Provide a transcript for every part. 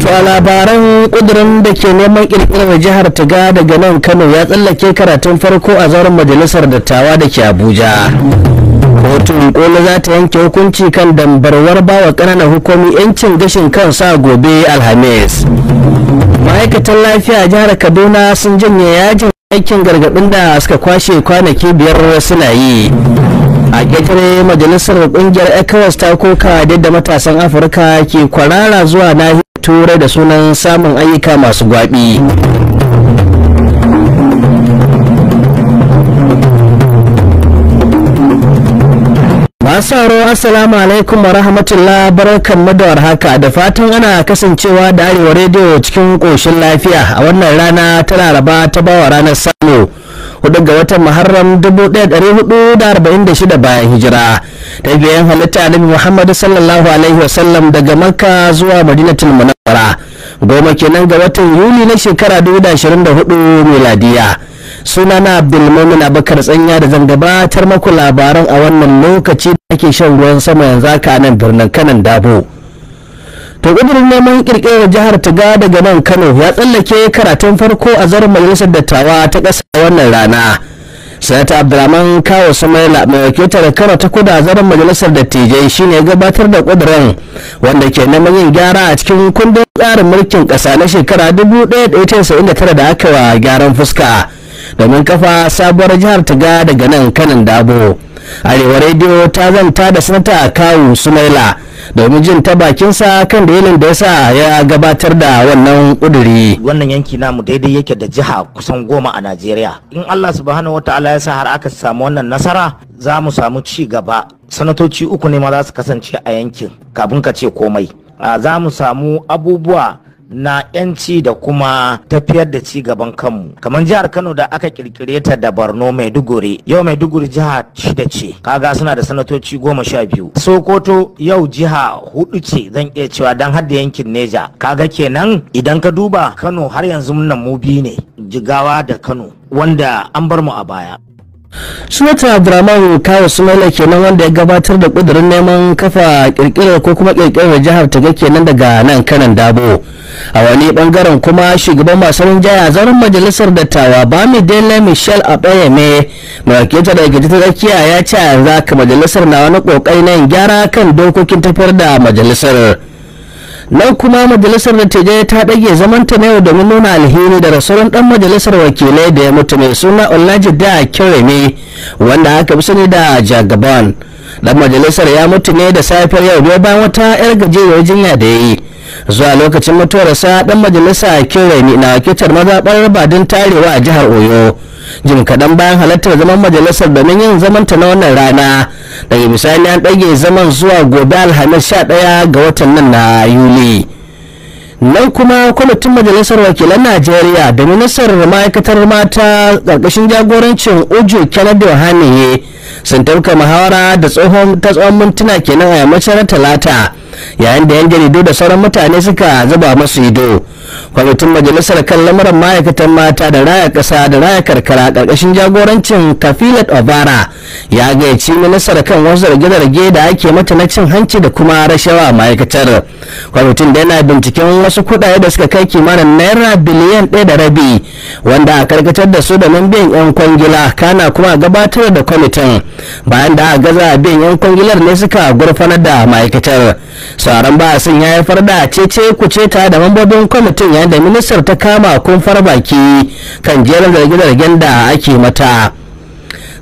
to a labaran kudurin da ke neman kirkirar jihar tiga daga nan kano ya tsallake karatun farko a zauren majalisar dattawa da ke abuja kotun kola za ta yanke hukunci kan dambarwar bawa ƙananan hukumi 'yancin gashin kan sa gobe alhamis ma'aikatan lafiya a jihar kaduna sun janye yajin aikin gargaɗin da suka kwashe kwanaki biyar suna yi a ƙetare majalisar ƙungiyar ecowas ta koka da matasan afirka ke kwarara zuwa nahiyar turai da sunan samun ayyuka masu gwabi Masaro Assalamu alaikum wa rahmatullah barkan da haka, da fatan ana kasancewa da Arewa rediyo cikin ƙoshin lafiya a wannan rana ta Laraba ta bawa ranar Salo. hudu ga watan Muharram 1446 bayan hijira ta biyan halitta Annabi Muhammad sallallahu alaihi wa sallam daga Makka zuwa Madinatul Munawwara goma kenan ga watan Yuli na shekara 2024 miladiya sunana Abdulmumin Abakar Tsanya da zan gabatar maku labaran a wannan lokaci da ake shan ruwan sama yanzu haka nan birnin Kanan Dabo to gudunar neman kirkirar jihar Tiga daga nan Kano ya tsallake karatun farko a zarar majalisar dattawa ta ƙasa wannan rana sanata abdulrahman kawo samaila mai wakiltar kano ta kuda zaren majalisar dattijai shine gabatar da kudurin wanda ke neman yin gyara a cikin kundin tsarin mulkin ƙasa na shekara 1979 da aka wa gyaran fuska domin kafa sabuwar jihar tiga daga nan kanan dabo arewa rediyo ta zanta da sanata kawu sumaila domin jin ta bakinsa kan dalilin da yasa ya gabatar da wannan kuduri wannan yanki namu daidai yake da jiha kusan goma a najeriya in allah subhanahu wataala ya sa har aka samu wannan nasara za mu samu ci gaba sanatoci uku ne ma za su kasance a yankin kafin ka ce komai za mu samu abubuwa na 'yanci da kuma tafiyar da ci gaban kanmu kamar jihar kano da aka kirkire ta da borno maiduguri yau maiduguri jiha shida ce kaga suna da sanatoci goma sha biyu sokoto yau jiha hudu ce zan iya cewa don hadda yankin neja kaga kenan idan ka duba kano har yanzu nan mu biyu ne jigawa da kano wanda an bar mu a baya Sanata Abdurrahman Kawo Sumaila kenan wanda ya gabatar da kudirin neman kafa kirkirar ko kuma kirkirar jihar Taga kenan daga nan kanan Dabo. A wani bangaren kuma shugaban masu rinjaya zaren majalisar dattawa Bami Dele Michel Abeyeme mai da daga ta tsakiya ya ce yanzu haka majalisar na wani kokari na gyara kan dokokin tafiyar da majalisar. lau kuma majalisar da ta ɗage zamanta na yau domin nuna alheri da rasuwar ɗan majalisar wakilai da ya mutu mai suna da kyereme wanda aka fi sani da jagaban ɗan majalisar ya mutu ne da safiyar yau bayan wata 'yar gajeriyar jinya da ya yi zuwa lokacin mutuwar mutuwarsa dan majalisa kirani na wakiltar mazaɓar badin tarewa a jihar oyo Jin kaɗan bayan halartar zaman majalisar domin yin ta na wannan rana daga misali an ɗage zaman zuwa gobe alhamis sha ɗaya ga watan nan na yuli nan kuma kwamitin majalisar wakilan najeriya da ministar ma'aikatar mata ƙarƙashin jagorancin uju kennedy haniye sun tauka muhawara da tsohon ta tsohon mintuna kenan a yammacin talata yayin da yan jaridu da sauran mutane suka zuba masu ido kwamitin majalisar kan lamuran ma'aikatan mata da raya ƙasa da raya karkara ƙarƙashin jagorancin kafilat obara ya gayyaci ministar kan wasu zarge-zarge da ake mata na cin hanci da kuma rashawa ma'aikatar kwamitin da yana binciken wasu kuɗaɗe da suka kai kimanin naira biliyan ɗaya da rabi wanda a karkatar da su da nan biyan 'yan kwangila kana kuma gabatar da kwamitin bayan da a gaza biyan 'yan kwangilar ne suka gurfanar da ma'aikatar sauran ba sun ya haifar da cece kuce ta da mambobin kwamitin lokacin yayin da ministar ta kama kumfar baki kan jerin zarge-zargen da ake mata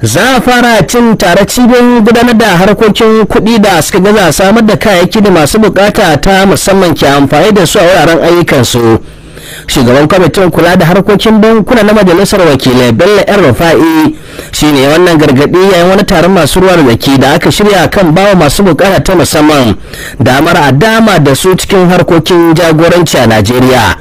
za a fara cin tare cibin gudanar da harkokin kuɗi da suka gaza samar da kayayyaki da masu bukata ta musamman ke amfani da su a wuraren ayyukansu. su shugaban kwamitin kula da harkokin bankuna na majalisar wakilai bello yan rufa'i ne wannan gargaɗi yayin wani taron masu ruwa da zaki da aka shirya kan bawa masu bukata ta musamman damar a dama da su cikin harkokin jagoranci a najeriya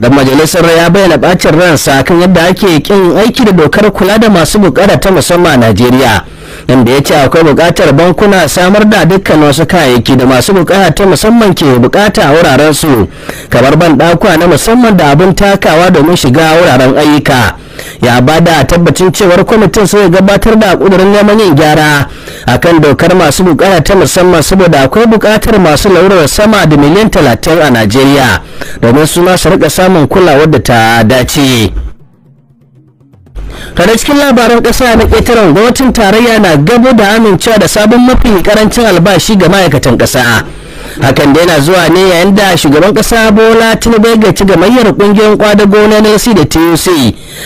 dan majalisar ya bayyana bacin ransa kan yadda ake kin aiki da dokar kula da masu bukata ta musamman a najeriya inda ya ce akwai bukatar bankuna samar da dukkan wasu kayayyaki da masu bukata ta musamman ke bukata a wuraren su kamar ban dakuwa na musamman da abin takawa domin shiga wuraren ayyuka ya ba da tabbacin cewar kwamitin sai gabatar da kudurin neman yin gyara akan dokar masu bukata ta musamman saboda akwai bukatar masu laurar sama da miliyan talatin a najeriya domin su ma su rika samun kulawar da ta dace Kada cikin labaran ƙasa na ƙetaren gwamnatin tarayya na gabo da amincewa da sabon mafi karancin albashi ga ma'aikatan ƙasa hakan da yana zuwa ne yayin da shugaban ƙasa bola tinubu ya gaci gamayyar ƙungiyar kwadago na nlc da tuc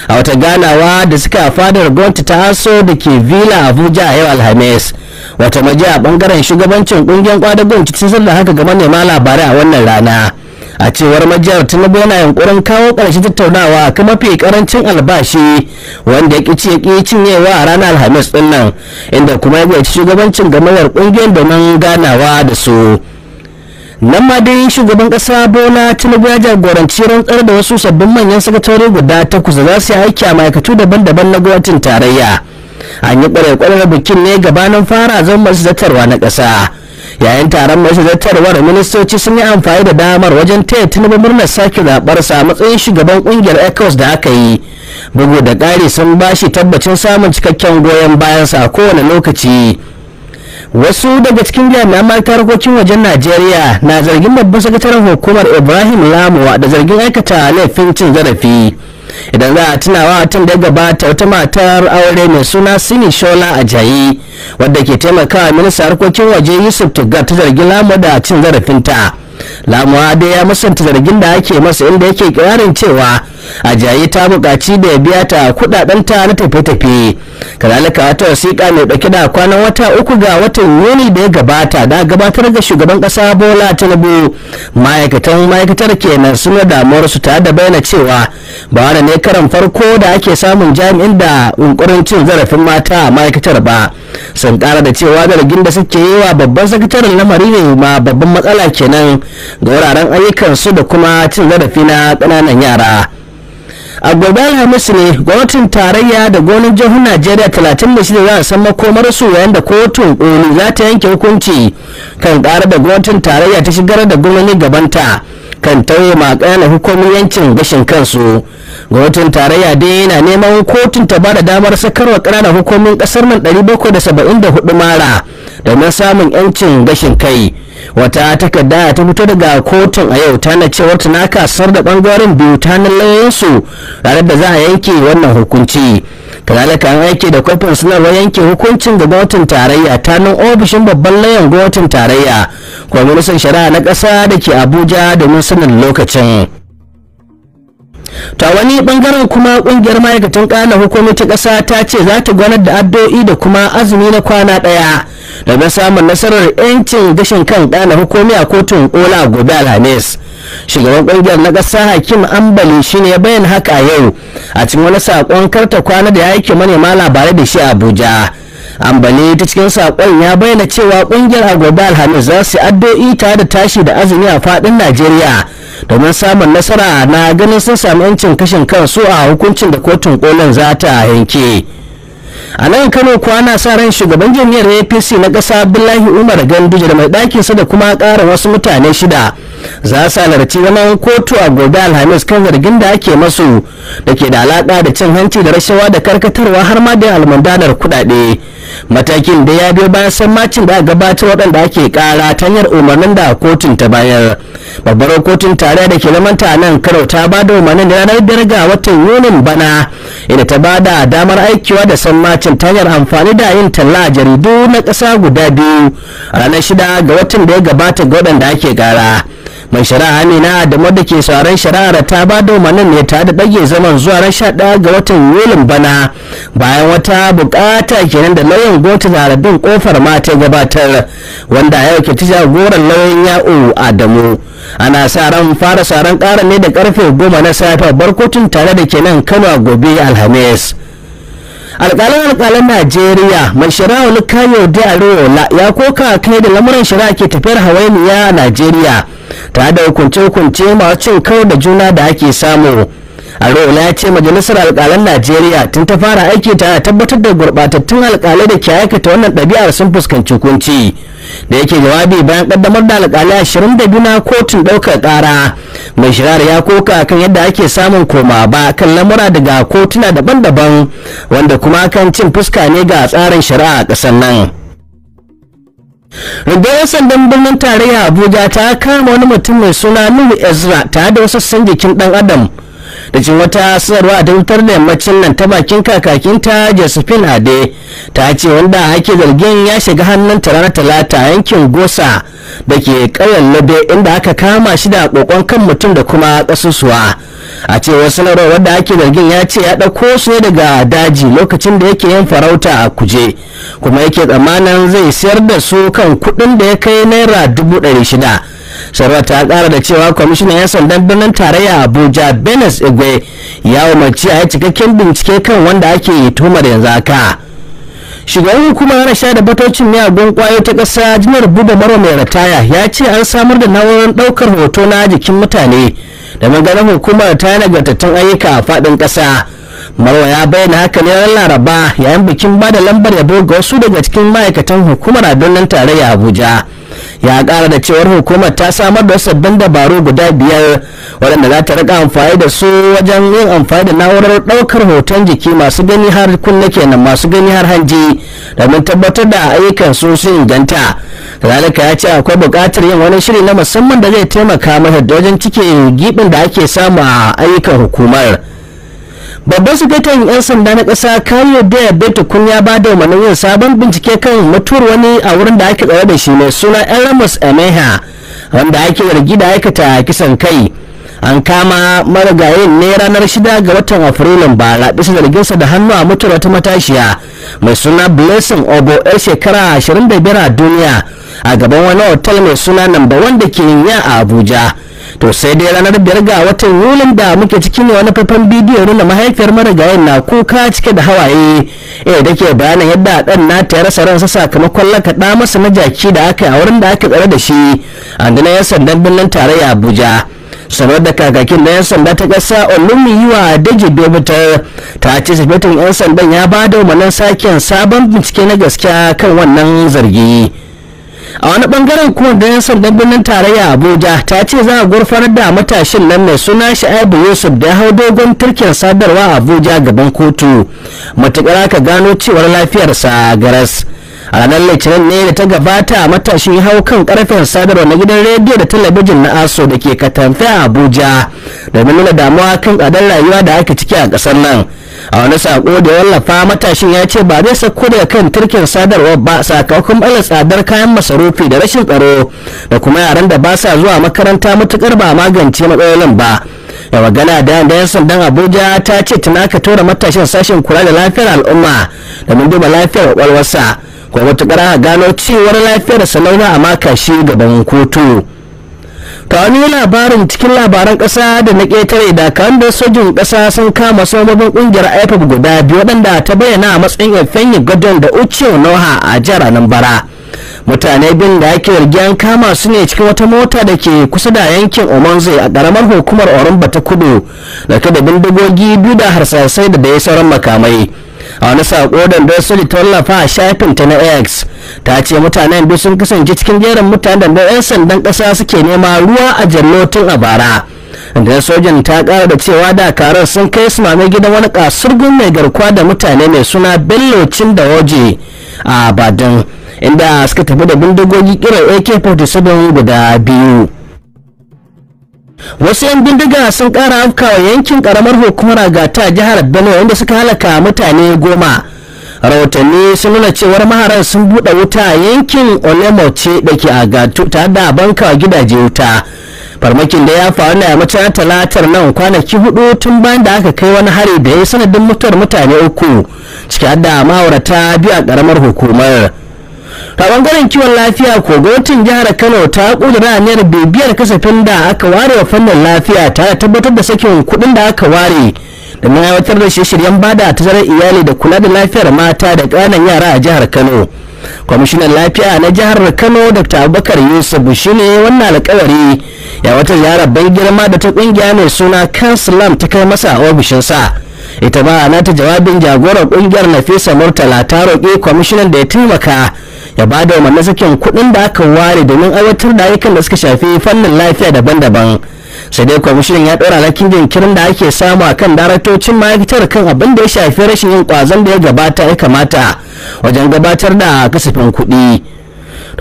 a wata ganawa da suka fadar gwamnati ta haso da ke vila abuja a yau alhamis wata majiya a bangaren shugabancin ƙungiyar kwadagon cikin da haka ga manema labarai a wannan rana a cewar majiyar tinubu yana yunkurin kawo ƙarshen tattaunawa a mafi karancin albashi wanda ya ƙi ya cinyewa a ranar alhamis ɗin inda kuma ya gaici shugabancin gamayar ƙungiyar domin ganawa da su nan ma dai shugaban kasa bola tinubu ya jagoranci rantsar da wasu sabbin manyan sakatori guda takwas da za su yi aiki a ma'aikatu daban-daban na gwamnatin tarayya an yi kwarar bikin ne gabanin fara zama masu zartarwa na ƙasa yayin taron majalisarwar ministoci sun yi amfani da damar wajen taya tinubu murnar sake zaɓarsa a matsayin shugaban ƙungiyar ecos da aka yi bugu da ƙari sun ba shi tabbacin samun cikakken goyon bayansa a kowane lokaci wasu daga cikin jami'an ma'aikatar harkokin wajen najeriya na zargin babban sakataren hukumar ibrahim lamuwa da zargin aikata laifin cin zarafi idan za a tunawa watan da gabata wata matar aure mai suna sini shola ajayi wadda ke taimakawa minista harkokin waje yusuf tugar ta zargin lamu da cin zarafinta lamuwa dai ya musanta zargin da ake masa inda yake kirarin cewa ajayi ta buƙaci da ya biya ta ta na tafiye-tafiye kazalika wata wasiƙa mai ɗauke da kwanan wata uku ga watan yuni da ya gabata da gabatar ga shugaban ƙasa bola tinubu ma'aikatan ma'aikatar kenan sun ga damuwar su tare da bayyana cewa ba wani ne karan farko da ake samun jami'in da unkurin cin zarafin mata a ma'aikatar ba sun ƙara da cewa zargin da suke yi wa babban sakataren lamari ne ma babban matsala kenan ga wuraren ayyukan su da kuma cin zarafi na ƙananan yara a gobe alhamis ne gwamnatin tarayya da gonar jihun najeriya talatin da 36 za a san makomar su yayin da kotun koli za ta yanke hukunci kan ƙara da gwamnatin tarayya ta shigar da gwamnati gabanta kan tauye makana hukumin yancin gashin kansu gwamnatin tarayya dai yana neman kotun ta bada damar sakarwa ƙananan hukumin ƙasar nan 774 mara domin samun yancin gashin kai wata takarda ta fito daga kotun a yau ta tana cewar tana kasar da bangaren biyu ta layinsu tare da za a yanke wannan hukunci kazalika an aike da kwafin sanarwar yanke hukuncin ga gwamnatin tarayya ta nan ofishin babban layan gwamnatin tarayya kwamitin shari'a na ƙasa da ke abuja domin sanin lokacin to wani bangaren kuma kungiyar ma'aikatan kana hukumomi ta ƙasa ta ce za ta gwanar da addu'o'i da kuma azumi na kwana ɗaya daga samun nasarar 'yancin gashin kan ƙananan hukumi a kotun kola gobe alhamis shugaban kungiyar na ƙasa hakim ambali shine ya bayyana haka yau a cikin wani saƙon karta kwana da ya aike manema labarai da shi a abuja ambali ta cikin sakon ya bayyana cewa kungiyar agobe alhamis za su addu'i ta da tashi da azumi a fadin najeriya domin samun nasara na ganin sun sami 'yancin kashin kansu a hukuncin da kotun kolin za ta yanke a nan kano kwana sa ran shugaban jami'ar apc na ƙasa abdullahi umar ganduje da mai sa da kuma ƙara wasu mutane shida za su halarci zaman kotu a gobe alhamis kan zargin da ake masu da ke da alaƙa da cin hanci da rashawa da karkatarwa har ma da almundanar kuɗaɗe matakin da ya biyo bayan sammacin da gabatar waɗanda ake ƙara ta hanyar umarnin da kotun ta bayar babbar kotun tare da ke zamanta nan karo ta ba da umarnin da ranar biyar ga watan yunin bana inda ta ba da damar aikiwa da sammacin ta hanyar amfani da yin talla a jaridu na ƙasa guda biyu ranar shida ga watan da ya gabata ga waɗanda ake ƙara mai shari'a amina da wadda ke sauran shari'ar ta ba da umarnin ne ta da ɗage zaman zuwa ran sha ɗaya ga watan yulin bana bayan wata buƙata kenan da lauyan gota harabin kofar ma ta gabatar wanda yau ke ta jagoran lauyan ya'u adamu ana sa ran fara saran ƙara ne da karfe goma na safe bar kotun tare da kenan kano gobe alhamis alƙalin alƙalin najeriya mai shari'a wani kayo da ariola ya koka kai da lamuran shari'a ke tafiyar hawainiya a najeriya tare da hukunce-hukunce masu cin kawo da juna da ake samu ariola ya ce majalisar alƙalan najeriya tun ta fara aiki ta tabbatar da gurɓatattun alƙalai da ke aikata wannan ɗabi'ar sun fuskanci hukunci da yake jawabi bayan kaddamar da alƙali ashirin da biyu na kotun ɗaukar ƙara mai shirar ya koka kan yadda ake samun koma ba kan lamura daga kotuna daban-daban wanda kuma kan cin fuska ne ga tsarin shari'a a ƙasar nan. rundunar sandan birnin tarayya abuja ta kama wani mutum mai suna nuhu ezra tare da wasu jikin dan adam da cin wata sanarwa a tabbatar da yammacin nan ta bakin kakakinta josephine ade ta ce wanda ake zargin ya shiga hannun ta ranar talata yankin gosa da ke ƙauyen labe inda aka kama shi da kokon kan mutum da kuma ƙasusuwa a wasu sanarwar wadda ake zargin ya ce ya ɗauko su ne daga daji lokacin da yake yin farauta a kuje kuma yake tsammanin zai sayar da su kan kuɗin da ya kai naira dubu ɗari shida sarwa ta kara da cewa kwamishinan 'yan sandan birnin tarayya abuja benes igwe ya umarci a yi cikakken bincike kan wanda ake tuhumar yanzu haka shugaban hukumar hana sha da batocin miyagun kwayo ta ƙasa janar buba maro mai rataya ya ce an samar da na'urar ɗaukar hoto na jikin mutane da maganar hukumar ta nagartattun ayyuka a faɗin ƙasa marwa ya bayyana haka ne ran laraba yayin bikin ba da lambar yabo ga wasu daga cikin ma'aikatan hukumar a birnin tarayya abuja ya kara da cewar hukumar ta samar da sabbin dabaru guda biyar waɗanda za ta rika amfani da su wajen yin amfani da na'urar ɗaukar hoton jiki masu gani har kunne kenan masu gani har hanji domin tabbatar da ayyukan su sun inganta kazalika ya ce akwai buƙatar yin wani shiri na musamman da zai taimaka mata wajen cike gibin da ake samu a ayyukan hukumar babban sufetan yan sanda na kasa kariya da beto kun ya ba da umarnin yin sabon bincike kan mutuwar wani a wurin da ake tsaye da shi mai suna elmas emeha wanda ake yargi da aikata kisan kai an kama marigayin ne ranar shida ga watan afrilun bara bisa zarginsa da hannu a mutuwar wata matashiya mai suna blessing obo yar shekara 25 a duniya a gaban wani otal mai suna namba da ke ya a abuja to sai dai ranar biyar ga watan yulin da muke cikin wani faifan bidiyo nuna mahaifiyar marigayen na kuka cike da hawaye eh da ke bayanin yadda dan nata ya rasa ransa sakamakon lakaɗa masa na jaki da aka yi a wurin da aka tsare da shi a ya sandan birnin tarayya abuja sanar da kakakin na 'yan sanda ta ƙasa yiwa daji dobitar ta ce sabitin 'yan sandan ya ba da umarnin saken sabon bincike na gaskiya kan wannan zargi a wani bangaren kuma da 'yan sandan birnin tarayya abuja ta ce za a gurfanar da matashin nan mai suna sha'ibu yusuf da ya hau dogon turkiyar sadarwa abuja gaban kotu matuƙar aka gano cewar lafiyarsa garas a ranar litinin ne da ta gabata a matashi hau kan karfen sadarwa na gidan rediyo da talabijin na aso da ke katamfe a abuja domin nuna damuwa kan tsadar rayuwa da ake ciki a kasar nan a wani sako da wallafa matashin ya ce ba zai sako daga kan turkin sadarwa ba sakamakon ɓalar tsadar kayan masarufi da rashin tsaro da kuma yaran da ba sa zuwa makaranta matukar ba magance matsalolin ba da magana da yan sandan abuja ta ce tana ka tura matashin sashen kula da lafiyar al'umma domin duba lafiyar kwakwalwarsa kuma matukar a gano cewar lafiyar salauna a maka shi gaban kotu ta wani labarin cikin labaran ƙasa da na ƙetare da da sojin kasa sun kama sababin ƙungiyar ipop guda biyu waɗanda ta bayyana a matsayin efenyi gadon da uchiyo noha a jihar anambra mutane bin da ake yargiyan kama su ne cikin wata mota da ke kusa da yankin omanze a ƙaramar hukumar orumba ta kudu da da bindigogi biyu da harsasai da dai sauran makamai a wani sako da ta tallafa a shafin ta na x ta ce mutanen biyu sun kasance cikin jerin mutanen da 'yan sandan ƙasa suke nema ruwa a jallo tun a bara da sojan ta kara da cewa dakarar sun kai su mamai gidan wani kasurgun mai garkuwa da mutane mai suna bello cin da waje a badin inda suka tafi da bindigogi kiran ak-47 guda biyu wasu 'yan bindiga sun kara afka wa yankin karamar hukumar agata jihar benue inda suka halaka mutane goma rahotanni sun nuna cewar maharan sun bude wuta yankin olemo ce da ke agatu ta da banka gidaje wuta farmakin da ya faru na yammacin talatar nan kwanaki hudu tun bayan da aka kai wani hari da ya sanadin mutar mutane uku ciki da ma'aurata biyu a karamar hukumar a bangaren kiwon lafiya ko gwamnatin jihar kano ta kudura aniyar bibiyar kasafin da aka ware wa fannin lafiya tare tabbatar da sakin kuɗin da aka ware da na aiwatar da shirye-shiryen bada tazarar iyali da kula da lafiyar mata da ƙananan yara a jihar kano kwamishinan lafiya na jihar kano dr abubakar yusuf shi ne wannan alkawari ya wata ziyarar ban girma da ta kungiya mai suna kansilam ta kai masa a ofishinsa ita ma ana ta jawabin jagoran kungiyar nafisa murtala ta roƙi kwamishinan da ya taimaka ya ba da umarni sakin kuɗin da aka ware domin aiwatar da ayyukan da suka shafi fannin lafiya daban-daban sai dai kwamishinan ya ɗora alhakin jinkirin da ake samu a kan daraktocin ma'aikatar kan abin da ya shafi rashin yin kwazon da ya gabata ya kamata wajen gabatar da kasafin kuɗi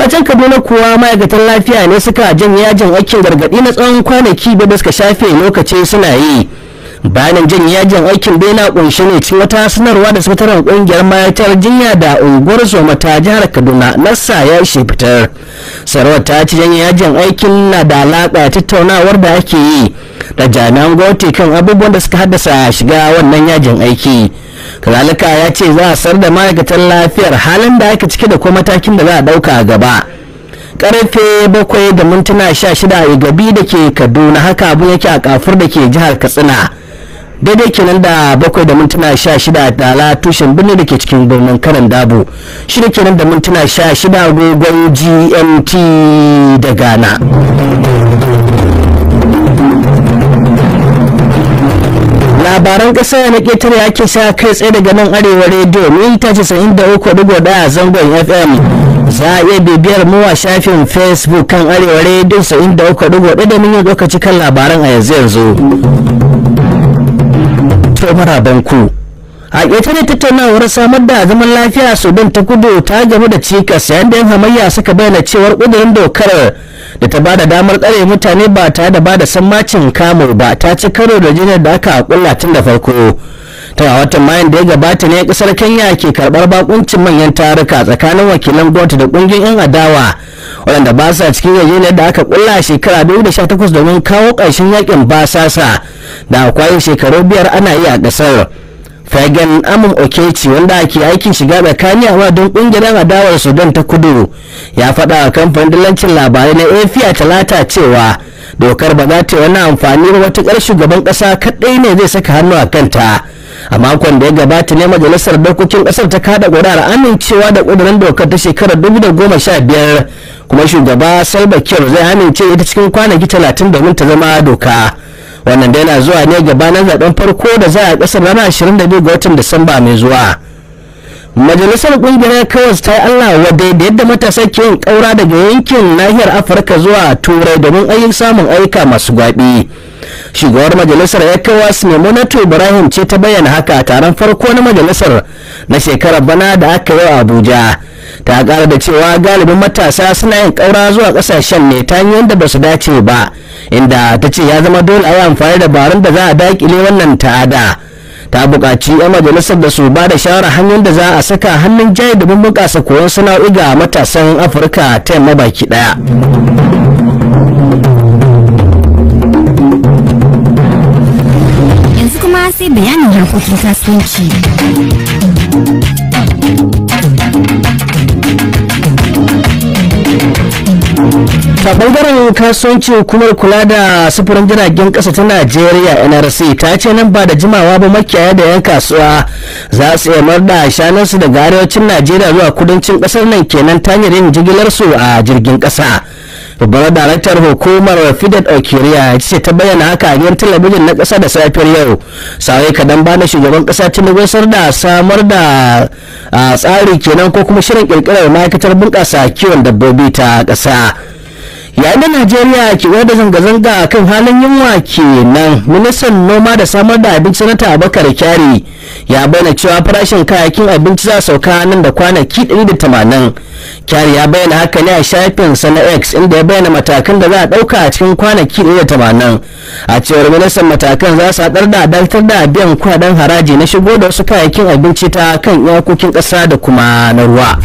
can kaduna kuwa ma'aikatan lafiya ne suka janye yajin aikin gargaɗi na tsawon kwanaki da suka shafe lokaci suna yi bayanin jan yajin aikin bai na kunshi ne cikin wata sanarwa da sakataren kungiyar mayatar jinya da unguwar zoma ta jihar kaduna nassa ya ishe fitar sarwar ta ci jan yajin aikin na da alaƙa tattaunawar da ake yi da jami'an gwamnati kan abubuwan da suka haddasa shiga wannan yajin aiki kalalika ya ce za a sar da ma'aikatan lafiyar halin da aka cike da kuma matakin da za a ɗauka a gaba karfe bakwai da mintuna sha shida a gabi da ke kaduna haka abu yake a kafur da ke jihar katsina daidai kenan da bakwai da mintuna sha shida ala tushen birni da ke cikin birnin karan dabo shida kenan da mintuna sha shida gogon gmt da ghana labaran ƙasa na ƙetare ake sa kai tsaye daga nan arewa rediyo mita 93.1 zangon fm za a iya bibiyar mu a shafin facebook kan arewa radio 93.1 da mun yi lokaci kan labaran a yanzu yanzu to maraban a ƙetare tattaunawar samar da zaman lafiya sudan ta kudu ta gaba da cikas yayin da yan hamayya suka bayyana cewar ƙudurin dokar da ta bada damar tsare mutane ba tare da bada sammacin kamu ba ta ci karo da jinar da aka kulla tun da farko ta watan mayan da ya gabata ne kasar kenya ke karbar bakuncin manyan taruka tsakanin wakilan gwamnati da kungiyoyin yan adawa waɗanda ba sa cikin yarjejeniyar da aka kulla shekara 2018 domin kawo ƙarshen yakin basasa da kwayin shekaru biyar ana yi a ƙasar fagen amon okechi wanda ake aikin shiga tsakani a don kungiyar adawar sudan ta kudu ya faɗa a kamfanin dillancin labarai na afi talata cewa dokar ba za ta yi wani amfani ba ƙar shugaban ƙasa kaɗai ne zai saka hannu a kanta a makon da ya gabata ne majalisar dokokin ƙasar ta kada ƙuri'ar amincewa da ƙudurin dokar ta shekarar dubu da goma sha biyar kuma shugaba salba kyau zai amince ita cikin kwanaki talatin domin ta zama doka wannan dai na zuwa ne gabanin zaben farko da za a ƙasar ranar biyu ga watan disamba mai zuwa majalisar kungiyar kawas ta yi allah wadda da yadda matasa ke yin kaura daga yankin nahiyar afirka zuwa turai domin ayyukan samun aika masu gwaɓi shugabar majalisar ecowas maimunatu ibrahim ce ta bayyana haka taron farko na majalisar na shekarar bana da aka yi wa abuja ta kara da cewa galibin matasa suna yin kaura zuwa kasashen ne ta hanyar da basu dace ba inda ta ce ya zama dole a yi amfani da da za a dakile wannan ta'ada ta buƙaci 'yan majalisar da su ba da shawara hanyar da za a saka hannun jari da su koyon sana'o'i ga matasan afirka ta yamma baki ɗaya yanzu kuma sai bayanin harkokin kasuwanci a bangaren kasuwanci hukumar kula da sufurin jiragen kasa ta najeriya nrc ta ce nan ba da jimawa ba makiyaya da yan kasuwa za su iya marda shanunsu daga arewacin najeriya zuwa kudancin kasar nan kenan ta yin jigilar su a jirgin kasa babbar daraktar hukumar fidat okiriya ce ta bayyana haka a hanyar talabijin na kasa da safiyar yau sawai kadan bana shugaban kasa tinubu sar da samar da tsari kenan ko kuma shirin kirkirar ma'aikatar bunƙasa kiwon dabbobi ta ƙasa yayin da najeriya ke da zanga-zanga a kan halin yunwa ke nan ministan noma da samar da abinci na tabakar kyari ya bayyana cewa farashin kayakin abinci za sauka nan da kwanaki 180 kyari ya bayyana haka ne a shafin sana x inda ya bayyana matakan da za a ɗauka a cikin kwanaki 180 a cewar ministan matakan za su haɗar da adaltar da biyan kwadon haraji na shigo da wasu kayakin abinci ta kan iyakokin ƙasa da kuma na ruwa.